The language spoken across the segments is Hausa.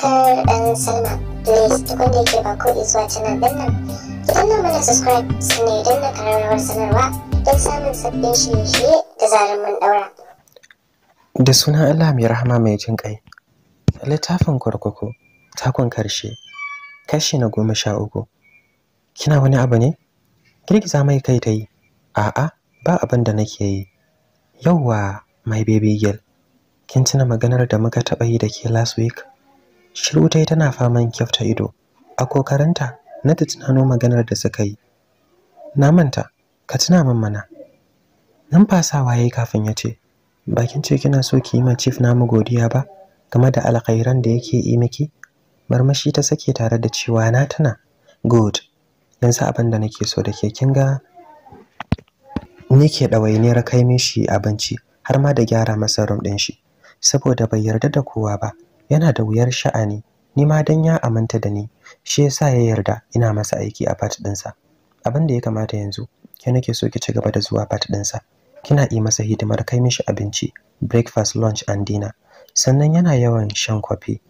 subscribe and sign up. Please da suna ba ko subscribe sanarwa don samun sabbin da sunan Allah mai rahama mai jin ƙai. Littafin kurkuku takon karshe kashi na goma sha uku. Kina wani abu ne? Girgiza mai kai ta yi. A'a, ba abin da nake yi. Yauwa, mai baby girl. Kin tuna maganar da muka taɓa yi da ke last week? shiru ta yi tana faman kyafta ido a kokarinta na ta tunano maganar da suka yi na manta ka tuna min mana numfasawa ya yi kafin ya ce bakin ce kina so ki yi ma chief namu godiya ba game da alkhairan da yake yi miki marmashi ta sake tare da cewa na tana good yanzu abin da nake so da ke kin ga ni ke ɗawainiyar kai mishi abinci har ma da gyara masa rum ɗin shi saboda bai yarda da kowa ba yana da wuyar sha'ani ni ma dan ya aminta da ni shi yasa ya yarda ina masa aiki a fat ɗinsa abin da ya kamata yanzu ke nake so ki ci gaba da zuwa fat ɗinsa kina yi masa hidimar kai mishi abinci breakfast lunch and dinner sannan yana yawan shan kwafi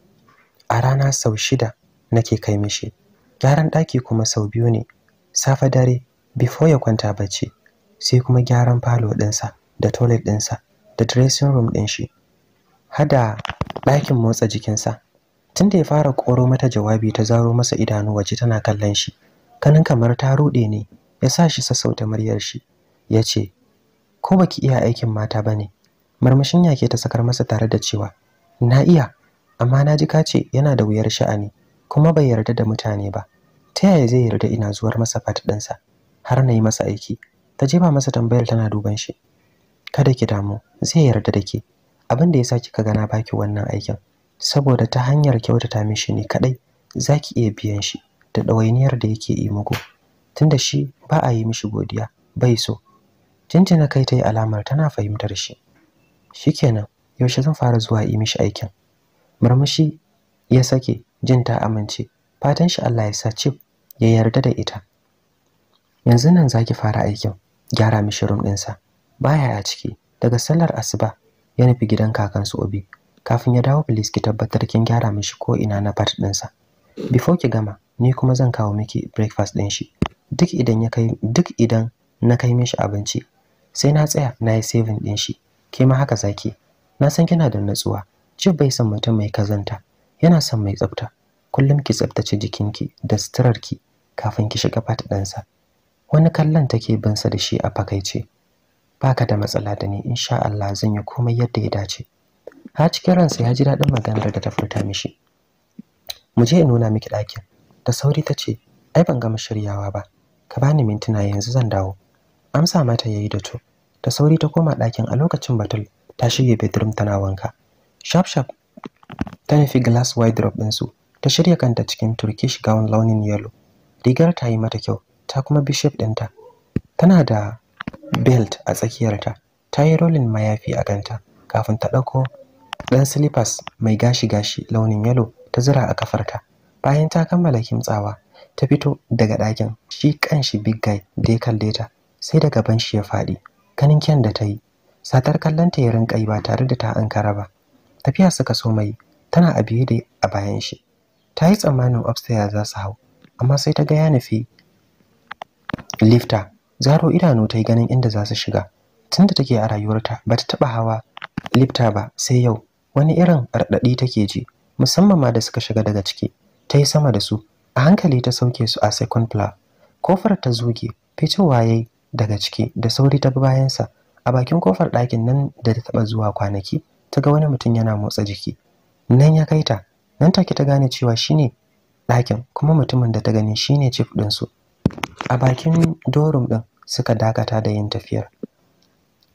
a rana sau shida nake kai mishi gyaran ɗaki kuma sau biyu ne safe dare before ya kwanta bacci sai kuma gyaran falo ɗinsa da toilet ɗinsa da dressing room ɗin shi hada ɗakin motsa jikinsa tunda ya fara koro mata jawabi ta zaro masa idanu waje tana kallon shi kanin kamar ta ruɗe ne ya sa shi sassauta muryar shi ya ce ko baki iya aikin mata ba ne marmashin yake ta sakar masa tare da cewa na iya amma na ji kace yana da wuyar sha'ani kuma bai yarda da mutane ba ta yaya zai yarda ina zuwar masa fat ɗinsa har na yi masa aiki ta jefa masa tambayar tana duban shi kada ki damu zai yarda da ke abin da yasa kika ga na baki wannan aikin saboda ta hanyar kyautata mishi ne kadai zaki iya biyan shi da ɗawainiyar da yake yi muku tunda shi ba a yi mishi godiya bai so jinjina kai ta yi alamar tana fahimtar shi shikenan yaushe zan fara zuwa yi mishi aikin murmushi ya sake jin ta amince fatan shi Allah ya sa ya yarda da ita yanzu nan zaki fara aikin gyara mishi room ɗinsa baya a ciki daga sallar asuba ya nufi gidan kakansu Obi. Kafin ya dawo police ki tabbatar kin gyara mishi ko ina na part ɗinsa. Before ki gama, ni kuma zan kawo miki breakfast din shi. Duk idan ya kai duk idan na kai mishi abinci, sai na tsaya na yi saving ɗin shi. Ke ma haka zaki. Na san kina da natsuwa. Jib bai san mutum mai kazanta. Yana son mai tsafta. Kullum ki tsaftace jikinki da suturarki kafin ki shiga part ɗinsa. Wani kallon take bansa da shi a fakaice. baka da matsala da ni insha Allah zan yi komai yadda ya dace ha cikin ransa ya ji daɗin maganar da ta furta mishi mu je in nuna miki ɗakin da sauri ta ce ai ban gama shiryawa ba ka bani mintuna yanzu zan dawo amsa mata yayi da to da sauri ta koma ɗakin a lokacin batul ta shirya bedroom tana wanka shap shap ta nufi glass wide wardrobe su. ta shirya kanta cikin turkish gown launin yellow rigar ta yi mata kyau ta kuma bishop ɗinta tana da belt a tsakiyarta ta yi rolin mayafi a kanta kafin ta ɗauko ɗan slippers mai gashi-gashi launin yalo ta zura a kafarta bayan ta kammala kimtsawa ta fito daga ɗakin shi kanshi big guy da ya kalle ta sai da gaban shi ya faɗi ganin kyan da ta yi satar kallon ya rinka yi ba tare da ta ankara ba tafiya suka so mai tana a biye da a bayan shi ta yi tsammanin upstairs za su hau amma sai ta ga ya nufi lifta zaro idanu ta yi ganin inda za su shiga tunda take a rayuwarta ba ta taba hawa lifta ba sai yau wani irin raɗaɗi take ji musamman ma da suka shiga daga ciki ta yi sama da su a hankali ta sauke su a second floor kofar ta zuge fitowa yayi daga ciki da sauri ta bi bayansa a bakin kofar ɗakin nan da ta taba zuwa kwanaki ta ga wani mutum yana motsa jiki nan ya kai ta nan take ta gane cewa shine ɗakin kuma mutumin da ta gani shine chief ɗinsu a bakin dorum ɗin suka dakata da yin tafiyar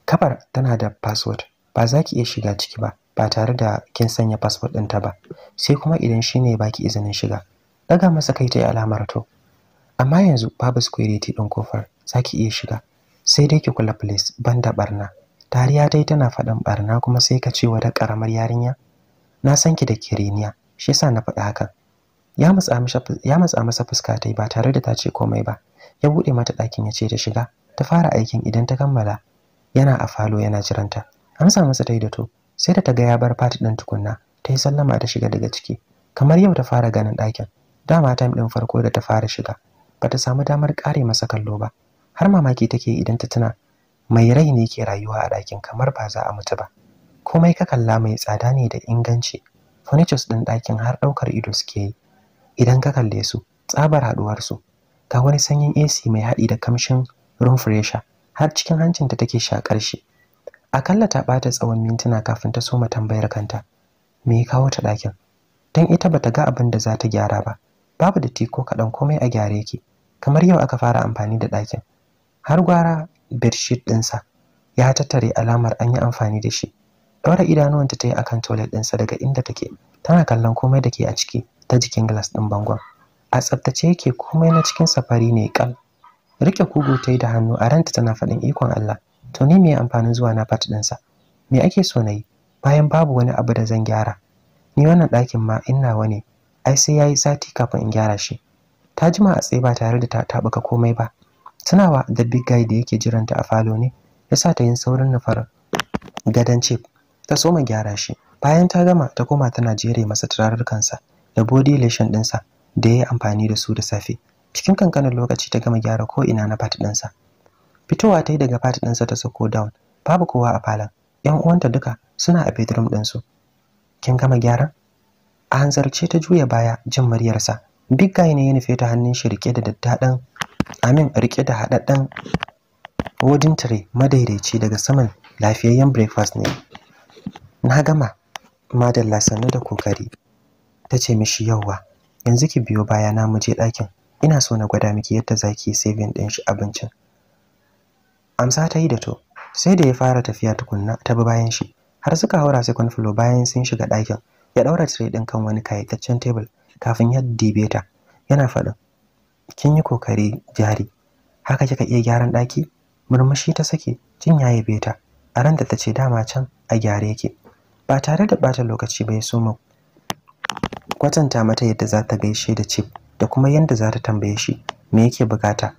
Kabar tana da password ba za ki iya shiga ciki ba ba tare da kin sanya password ɗinta ba sai kuma idan shi ne baki izinin shiga daga masa kai ta yi alamar to amma yanzu babu security ɗin kofar za ki iya shiga sai dai ki kula police da barna tariya dai tana faɗin barna kuma sai ka ce wata ƙaramar yarinya na san ki da kiriniya shi yasa na faɗi hakan ya matsa masa fuska ta ba tare da ta ce komai ba ya bude mata ɗakin ya ce ta shiga ta fara aikin idan ta kammala yana a falo yana jiranta an samu satai da to sai da ta ga ya bar fati ɗin tukunna ta yi sallama ta shiga daga ciki kamar yau ta fara ganin ɗakin dama time ɗin farko da ta fara shiga ba ta samu damar kare masa kallo ba har mamaki take idan ta tuna mai rai ne ke rayuwa a ɗakin kamar ba za a mutu ba komai ka kalla mai tsada ne da inganci furnitures ɗin ɗakin har ɗaukar ido suke yi idan ka kalle su tsabar haɗuwarsu ga wani sanyin AC mai haɗi da kamshin room fresher har cikin hancinta take shakar shi akalla ta ɓata tsawon mintuna kafin ta soma tambayar kanta me ya kawo ta ɗakin dan ita bata ga abin da za ta gyara ba babu da ko kaɗan komai a gyare yake kamar yau aka fara amfani da ɗakin har gwara bedsheet ɗinsa ya tattare alamar an yi amfani da shi ɗaura idanuwanta ta yi akan toilet ɗinsa daga inda take tana kallon komai da ke a ciki ta jikin glass ɗin bangon a tsaftace yake komai na cikin safari ne kal rike kugu ta yi da hannu a ranta tana faɗin ikon Allah to ni me amfanin zuwa na fata ɗinsa me ake so na yi bayan babu wani abu da zan gyara ni wannan ɗakin ma in nawa ne ai sai yayi sati kafin in gyara shi ta jima a tsaye ba tare da ta taɓuka komai ba Tana wa da big guy da yake jiranta a falo ne ya sa ta yin saurin nufar gadon cip ta soma gyara shi bayan ta gama ta koma tana jere masa turarurkansa da body lotion ɗinsa da ya yi amfani da su da safe cikin kankanin lokaci ta gama gyara ko ina na fat ɗinsa fitowa ta yi daga fati ɗinsa ta sako down babu kowa a falon yan uwanta duka suna a bedroom ɗinsu kin gama gyara a hanzarce ta juya baya jin muryarsa big guy ne ya nufe ta hannun shi rike da daddaɗan amin rike da haɗaɗɗen wooden tray madaidaici daga saman lafiyayyen breakfast ne na gama madalla sannu da kokari ta ce mishi yauwa yanzu ki biyo baya na mu ɗakin ina so na gwada miki yadda zaki saving ɗin shi abincin amsa ta yi da to sai da ya fara tafiya tukunna ta bi bayan shi har suka haura second floor bayan sun shiga ɗakin ya ɗaura tire ɗin kan wani kayataccen table kafin ya dibe yana faɗin kin yi kokari jari haka kika iya gyaran ɗaki murmushi ta sake jin yayi beta a ranta ta ce dama can a gyare yake ba tare da bata lokaci ba ya soma kwatanta mata yadda za ta gaishe da chief da kuma yadda za ta tambaye shi me yake bukata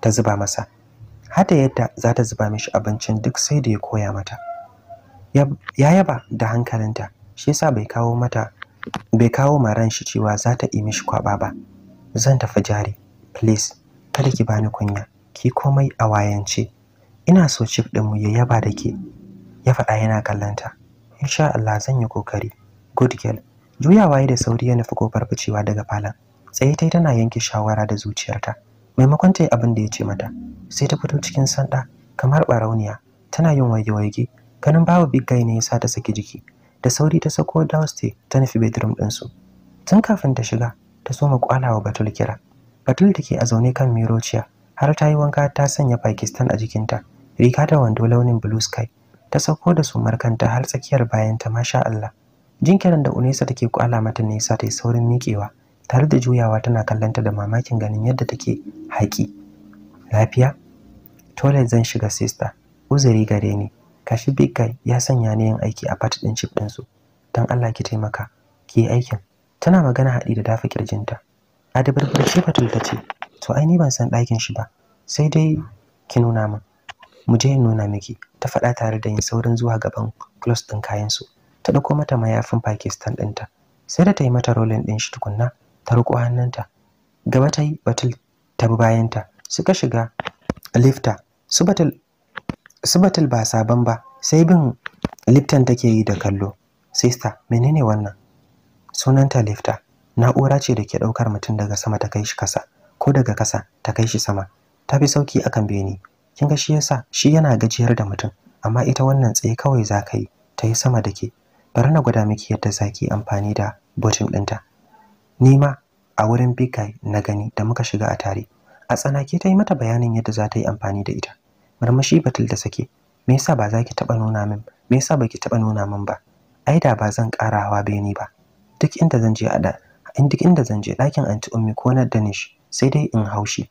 ta zuba masa hada yadda za ta zuba mishi abincin duk sai da ya koya mata ya yaba da hankalinta shi yasa bai kawo mata bai kawo maran shi cewa za ta yi mishi kwaba ba zan tafi jari please kada ki bani kunya ki komai a wayance ina so chief mu ya yaba da ke ya faɗa yana kallanta insha Allah zan yi kokari good girl juyawa ya da sauri ya nufi kofar ficewa daga falon tsaye ta tana yanke shawara da zuciyarta maimakon ta yi abin da ya ce mata sai ta fito cikin sanda kamar barauniya tana yin waige-waige ganin babu big guy ne ya sa ta saki jiki da sauri ta sako downstay ta nufi bedroom ɗinsu tun kafin ta shiga ta soma wa batul kira batul da ke a zaune kan mirociya har ta yi wanka ta sanya pakistan a jikinta riga da wando launin blue sky ta sako da su Markanta har tsakiyar bayanta masha Allah jin da unesa take kwala mata nesa ta yi saurin miƙewa tare da juyawa tana kallanta da mamakin ganin yadda take haƙi lafiya toilet zan shiga sista. uzuri gare ni kashi big ya sanya ni yin aiki a fat ɗin chip din su dan Allah ki taimaka ki yi aikin tana magana haɗi da dafa kirjinta da ce fatul ta ce to ai ni ban san ɗakin shi ba sai dai ki nuna min mu je nuna miki ta faɗa tare da yin saurin zuwa gaban close ɗin kayan su ta ɗauko mata mayafin Pakistan ɗinta sai da ta yi mata rolin ɗin shi tukunna ta riƙo hannunta gaba ta yi batul ta bi bayanta suka shiga lifta su batul ba sabon ba sai bin liftan take yi da kallo sista menene wannan sunanta lifta na'ura ce da ke ɗaukar mutum daga sama ta kai shi kasa ko daga kasa ta kai shi sama ta fi sauki akan beni kin ga shi yasa shi yana gajiyar da mutum amma ita wannan tsaye kawai za ka yi ta yi sama da ke bari na gwada miki yadda zaki amfani da botin ɗinta ni ma a wurin big guy na gani da muka shiga a tare a tsanake ta yi mata bayanin yadda za ta yi amfani da ita Marmashi batul da sake me yasa ba za ki taɓa nuna min me yasa baki taɓa nuna min ba ai da ba zan ƙara hawa ni ba duk inda zan je a da in duk inda zan je ɗakin anti ummi ko na danish sai dai in haushi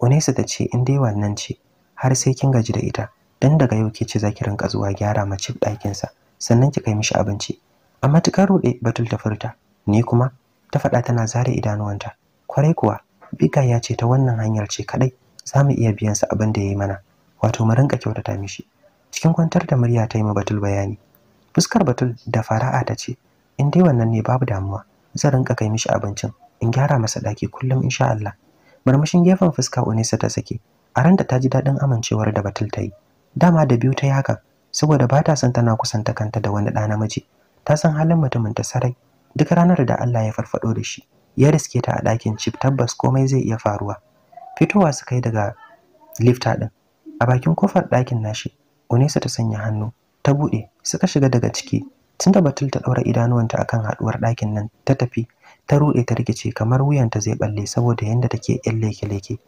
Unesa ta ce in dai wannan ce har sai kin gaji da ita dan daga yau ke ce za ki rinka zuwa gyara ma mace ɗakinsa sannan ki kai mishi abinci amma tukar rude batul ta furta ni kuma ta faɗa tana zare idanuwanta kwarai kuwa bika ya ce ta wannan hanyar ce kadai za mu iya biyan sa abin da yayi mana wato mu rinka kyautata mishi cikin kwantar da murya ta yi ma batul bayani fuskar batul da fara'a ta ce in dai wannan ne babu damuwa zan rinka kai mishi abincin in gyara masa daki kullum insha Allah murmushin gefen fuska unisa ta sake a ta ji daɗin amincewar da Batul ta yi dama da biyu ta yi hakan saboda ba ta son tana kusanta kanta da wani ɗa namiji ta san halin mutumin ta sarai duk ranar da Allah ya farfado da shi ya riske ta a ɗakin cif tabbas komai zai iya faruwa fitowa su kai daga lifta ɗin a bakin kofar ɗakin nashi unesa ta sanya hannu ta buɗe suka shiga daga ciki tunda batul ta ɗaura idanuwanta akan haɗuwar ɗakin nan ta tafi ta ruɗe ta rikice kamar wuyanta zai balle saboda yadda take yan leke-leke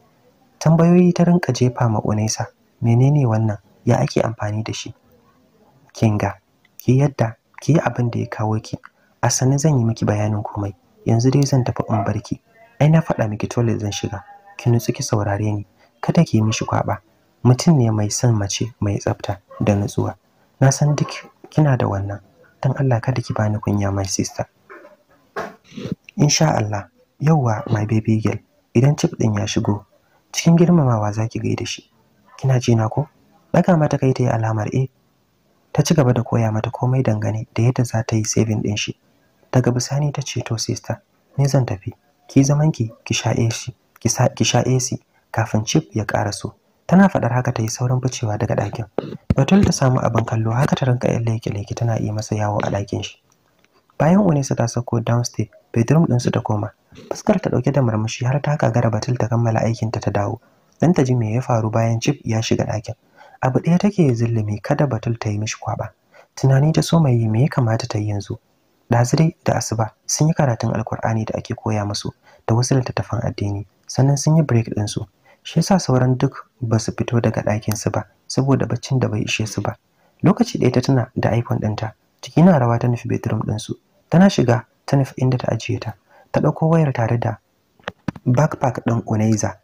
tambayoyi ta rinka jefa ma unesa menene wannan ya ake amfani da shi kinga ki yadda ki yi abin da ya kawo ki a sanin zan yi miki bayanin komai yanzu dai zan tafi in barki ai na faɗa miki tole zan shiga ki nutsu ki saurare ni kada ki yi mishi kwaba mutum ne mai son mace mai tsafta da nutsuwa na san duk kina da wannan dan Allah kada ki bani kunya my sister insha Allah yauwa my baby girl idan chip din ya shigo cikin girmamawa zaki gaida shi kina jina, ko daga mata kai ta yi alamar eh ta ci gaba da koya mata komai dangane da yadda za ta yi saving din shi daga bisani ta ce to sister ni zan tafi ki zaman ki ki sha AC kafin chip ya karaso tana fadar haka ta yi saurin ficewa daga ɗakin batul ta samu abin kallo haka ta rinka yalle leke tana yi masa yawo a ɗakin shi bayan unisa ta sako downstairs bedroom su ta koma fuskar ta ɗauke da murmushi har ta gara batul ta kammala aikinta ta dawo dan ta ji me ya faru bayan chip ya shiga ɗakin abu ɗaya take zillumi kada batul ta yi mishi kwaba tunani ta so mai me ya kamata ta yi yanzu dazire da asuba sun yi karatun alkur'ani da ake koya musu da wasu littattafan addini sannan sun yi break din su shi yasa sauran duk ba su fito daga ɗakin su ba saboda baccin da bai ishe su ba lokaci ɗaya ta tuna da iphone ɗinta ciki na rawa ta nufi bedroom ɗin su tana shiga ta nufi inda ta ajiye ta ta ɗauko wayar tare da backpack ɗin unaiza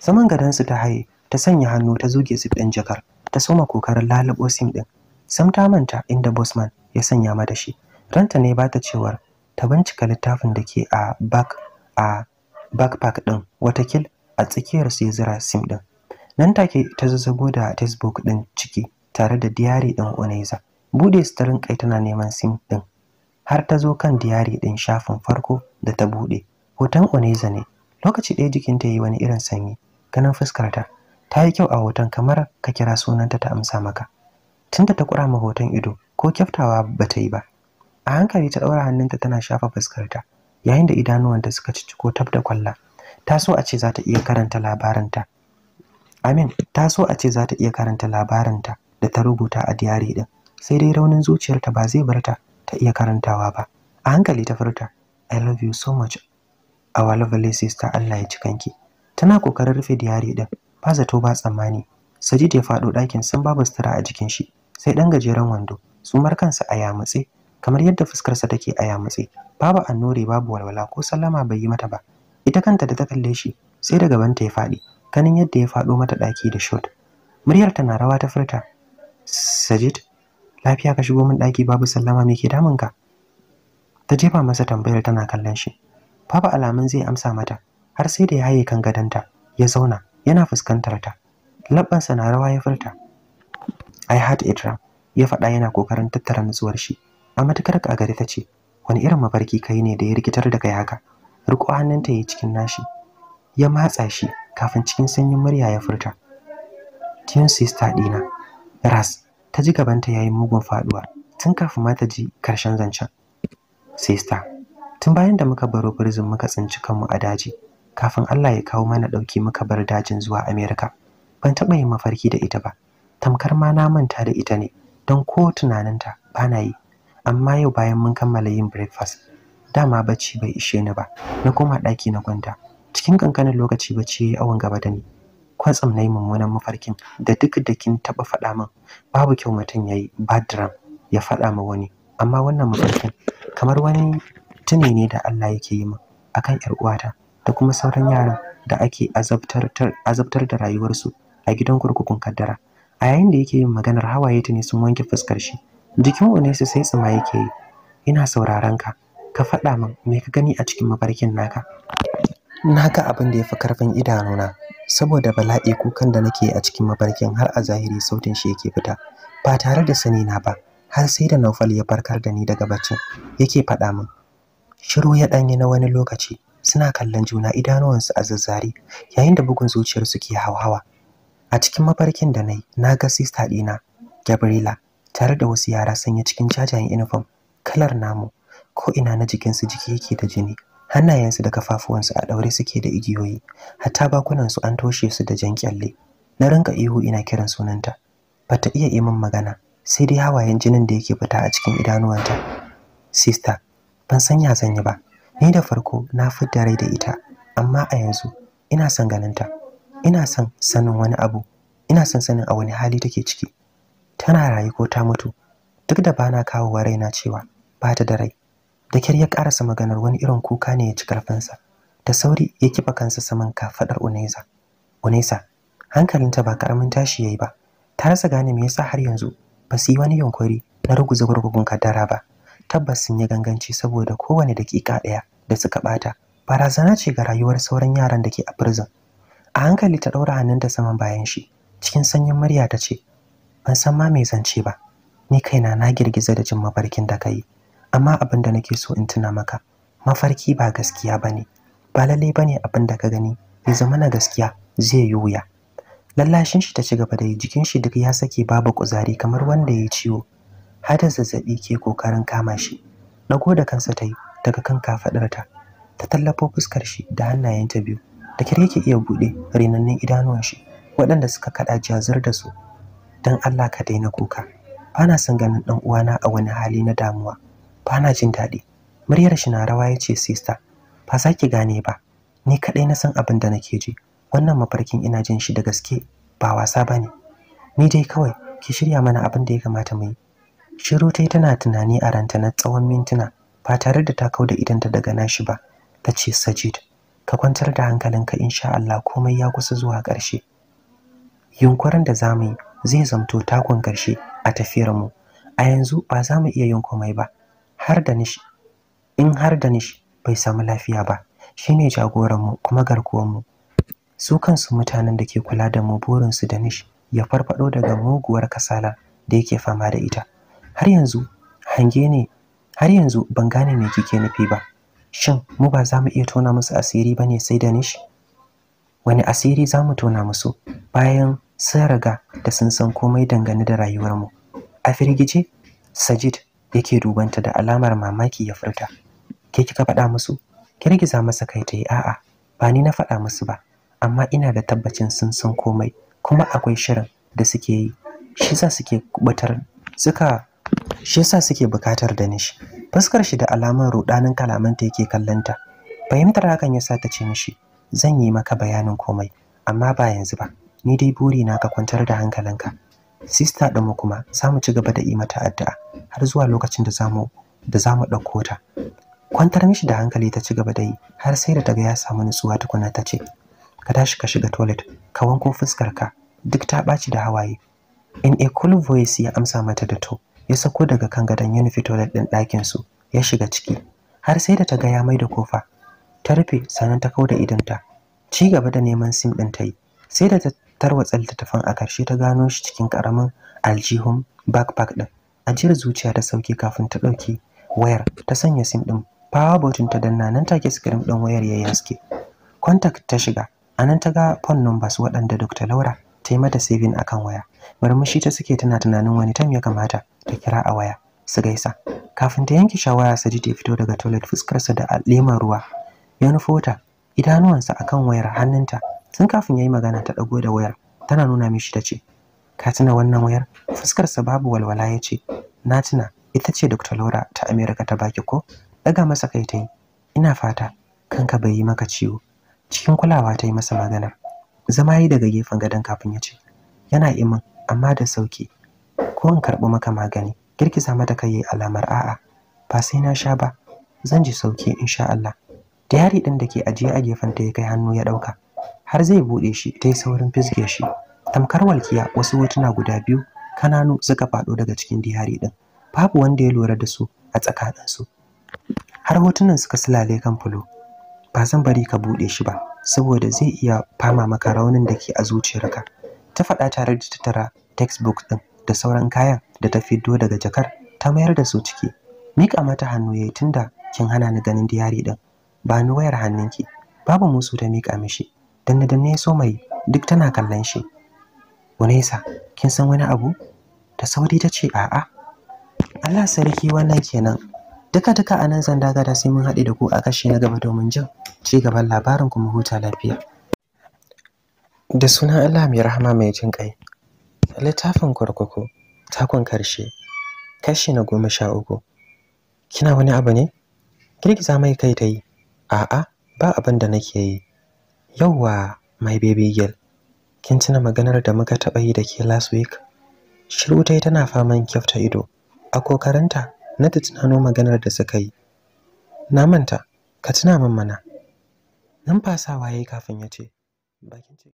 saman gadon su ta haye ta sanya hannu ta zuge su ɗin jakar ta soma kokarin lalubo sim din sam ta manta inda bosman ya sanya mata shi ranta ne bata cewar ta bincika littafin da ke a back a backpack din watakil a tsakiyar su ya zira sim din nan take ta zazzago da Facebook din ciki tare da diary din Oneza bude su ta rinkai tana neman sim din har ta zo kan diary din shafin farko da ta bude hoton Oneza ne lokaci ɗaya jikinta yayi wani irin sanyi ganin fuskarta ta yi kyau a hoton kamar ka kira sunanta ta amsa maka tunda ta kura ma hoton ido ko kyaftawa ba ta yi ba a hankali ta ɗaura hannunta tana shafa fuskarta yayin da idanuwanta suka ciko tab da kwalla ta so a ce za ta iya karanta labarinta amin ta so a ce za ta iya karanta labarinta da ta rubuta a diyari din sai dai raunin zuciyarta ba zai bar ta ta iya karantawa ba a hankali ta furta i love you so much our lovely sister Allah ya cikanki tana kokarin rufe diyari din ba zato ba tsammani sajid ya faɗo ɗakin san babu sutura a jikin shi sai ɗan gajeren wando tsumar kansa a yamutse kamar yadda fuskarsa take a yamutse babu annore babu walwala ko sallama bai yi mata ba ita kanta da ta kalle shi sai da gabanta ya faɗi Kanin yadda ya faɗo mata ɗaki da shot muryar tana rawa ta furta sajid lafiya ka shigo min ɗaki babu sallama me ke damun ka? ta jefa masa tambayar tana kallon shi babu alamun zai amsa mata har sai da ya haye kan gadonta ya zauna yana fuskantar ta labbansa na rawa ya furta i had a ya faɗa yana kokarin tattara nutsuwar shi a matukar gari ta ce wani irin mafarki kai ne da ya rikitar da kai haka riko hannunta yayi cikin nashi ya matsa shi kafin cikin sanyin murya ya furta tin sister dina ras ta ji gabanta yayin mugun faduwa tun kafin ma ta ji karshen zancen sister tun bayan da muka baro prison muka tsinci kanmu a daji kafin Allah ya kawo mana ɗauki muka bar dajin zuwa Amerika. Ban taɓa yin mafarki da ita ba, tamkar ma na manta da ita ne don ko tunaninta ba na yi. Amma yau bayan mun kammala yin breakfast, dama bacci bai ishe ni ba, na koma daki na kwanta. Cikin kankanin lokaci bacci ya awan gaba da ni. Kwatsam na yi mummunan mafarkin da duk da kin taɓa faɗa min babu kyau mutum yayi yi badram ya faɗa ma wani. Amma wannan mafarkin kamar wani tuni ne da Allah yake yi min akan 'yar uwata. da kuma sauran yaran da ake azabtar da rayuwarsu a gidan kurkukun kaddara a yayin da yake yin maganar hawaye ta ne sun wanke fuskar shi jikin su sai tsima yake yi ina sauraron ka ka faɗa min me ka gani a cikin mafarkin naka na ga abin da ya fi karfin idanuna saboda bala'i kukan da nake a cikin mafarkin har a zahiri sautin shi yake fita ba tare da sani na ba har sai da Naufal ya farkar da ni daga baccin yake faɗa min shiru ya ɗanyi na wani lokaci suna kallon juna idanuwansu a zazzare yayin da bugun zuciyarsu ke hawa a cikin mafarkin da na na ga sista ɗina gabriela tare da wasu yara sanya cikin jajayen uniform kalar namu ko ina na jikinsu jiki yake da jini hannayensu da kafafuwansu a ɗaure suke da igiyoyi hatta bakunansu an toshe su da jan kyalle na rinka ihu ina kiran sunanta bata iya yi min magana sai dai hawayen jinin da yake fita a cikin idanuwanta Sista, ban san ya zanyi ba ni da farko na fidda rai da ita amma a yanzu ina son ganinta ina son sanin wani abu ina son sanin a wani hali take ciki tana rayu ko ta mutu duk da bana kawowa raina cewa ba ta da rai da kyar ya karasa maganar wani irin kuka ne ya ci karfinsa da sauri ya kifa kansa saman kafadar Unesa Unesa hankalinta ba karamin tashi yayi ba ta rasa gane me yasa har yanzu ba su yi wani yunkuri na ruguza gurgugun kaddara ba tabbas sun yi ganganci saboda kowane dakika ɗaya da suka ɓata barazana ce ga rayuwar sauran yaran da ke a prison a hankali ta ɗaura hannunta saman bayan shi cikin sanyin murya ta ce ban san ma me zance ba ni kaina na girgiza da jin mafarkin da kai amma abin da nake so in tuna maka mafarki ba gaskiya bane ba lalle bane abin da ka gani ya zama na gaskiya zai yi wuya lallashin shi ta ci gaba da jikin shi duk ya sake babu kuzari kamar wanda ya ciwo hadin zazzabi ke kokarin kama shi Na da kansa ta yi daga kan kafaɗarta ta tallafo fuskar shi da hannayenta biyu da kire yake iya buɗe rinannun idanuwan shi waɗanda suka kaɗa jazir da su dan Allah ka daina kuka bana son ganin ɗan uwana a wani hali na damuwa bana jin daɗi muryar shi na rawa yace sista ba za ki gane ba ni kadai na san abin da nake ji wannan mafarkin ina jin shi da gaske ba wasa bane ni dai kawai ki shirya mana abin da ya kamata mu yi shiru ta yi tana tunani a ranta na tsawon mintuna ba tare da ta kau da idanta daga nashi ba ta ce sajid ka kwantar da hankalinka insha Allah komai ya kusa zuwa ƙarshe yunkurin da za mu yi zai zamto takon ƙarshe a tafiyar mu a yanzu ba za mu iya yin komai ba har da nish in har da nish bai samu lafiya ba shine jagoran mu kuma garkuwar mu su kansu mutanen da ke kula da mu burinsu da nish ya farfado daga muguwar kasala da yake fama da ita har yanzu hange ne har yanzu ban gane me kike nufi ba shin mu ba za mu iya tona musu asiri ba ne sai da nishi wani asiri za mu tona musu bayan sun riga da sun san komai dangane da rayuwarmu a firgice sajid yake dubanta da alamar mamaki ya furta ke kika faɗa musu girgiza masa kai ta yi a'a ba ni na faɗa musu ba amma ina da tabbacin sun san komai kuma akwai shirin da suke yi shi za suke kubutar suka shi yasa suke bukatar da nishi fuskar shi da alamar rudanin kalamanta yake kallanta fahimtar hakan yasa ta ce mishi zan yi maka bayanin komai amma ba yanzu ba ni dai buri na ka kwantar da hankalinka sista mu kuma za mu ci gaba da yi mata addu'a har zuwa lokacin da zamu da zamu ɗauko ta kwantar mishi da hankali ta ci gaba da yi har sai da ta ga ya samu nutsuwa tukuna ta ce ka tashi ka shiga toilet ka wanko fuskar ka duk ta ɓaci da hawaye in a cool voice ya amsa mata da to ya sako daga kan gadon ya nufi toilet ɗin ɗakin su ya shiga ciki har sai da ta ga ya mai da kofa ta rufe sannan ta kauda idanta ci gaba da neman sim ɗin ta yi sai da ta tarwatsa littattafan a ƙarshe ta gano shi cikin ƙaramin aljihun backpack ɗin ajiyar zuciya ta sauke kafin ta ɗauki wayar ta sanya sim ɗin power button ta danna nan take screen ɗin wayar ya yaske contact ta shiga anan ta ga phone numbers waɗanda Dr. Laura ta yi mata saving akan waya murmushi ta suke tana tunanin wani tam ya kamata ta kira a waya su gaisa kafin ta yanke shawara ta ta fito daga toilet fuskarsa da leman ruwa ya nufo ta idanuwansa akan wayar hannunta tun kafin ya yi magana ta ɗago da wayar tana nuna mishi ta ce ka tuna wannan wayar fuskarsa babu walwala ya ce na tuna ita ce Dr. Laura ta America ta baki ko daga masa kai ta yi ina fata kanka bai yi maka ciwo cikin kulawa ta yi masa maganar zama yi daga gefen gadon kafin ya ce yana imin amma da sauki ko in karɓi maka magani girgiza mata kai yayi alamar a'a ba sai na sha ba zan ji sauki insha Allah da yari da ke ajiye a gefen ta ya kai hannu ya ɗauka. har zai buɗe shi ta yi saurin fisge shi tamkar walkiya wasu hotuna guda biyu kananu suka faɗo daga cikin diyari ɗin. babu wanda ya lura da su a tsakaninsu har hotunan suka sulale kan fulo ba zan bari ka buɗe shi ba saboda zai iya fama maka raunin da ke a zuciyarka ta faɗa tare da tattara textbook ɗin da sauran kayan da ta fiddo daga jakar ta mayar da su ciki miƙa mata hannu yayi tunda kin hana ni ganin diyari ɗin ba ni wayar hannunki babu musu ta mika mishi danne ya so mai duk tana kallon shi Unesa kin san wani abu Da sauri ta ce a'a Allah sarki wannan kenan duka duka a nan zan da sai mun haɗe da ku a kashi na gaba domin jin ci gaban labarin kuma huta lafiya da sunan Allah mai rahama mai jin kai littafin kurkuku takon karshe kashi na goma sha uku kina wani abu ne girgiza mai kai ta yi a'a ba abin da nake yi yauwa my baby girl kin tuna maganar da muka taɓa yi da ke last week shiru tai tana faman kyafta ido a kokarinta na ta tunano maganar da suka yi na manta ka tuna min mana numfasawa yayi kafin ya ce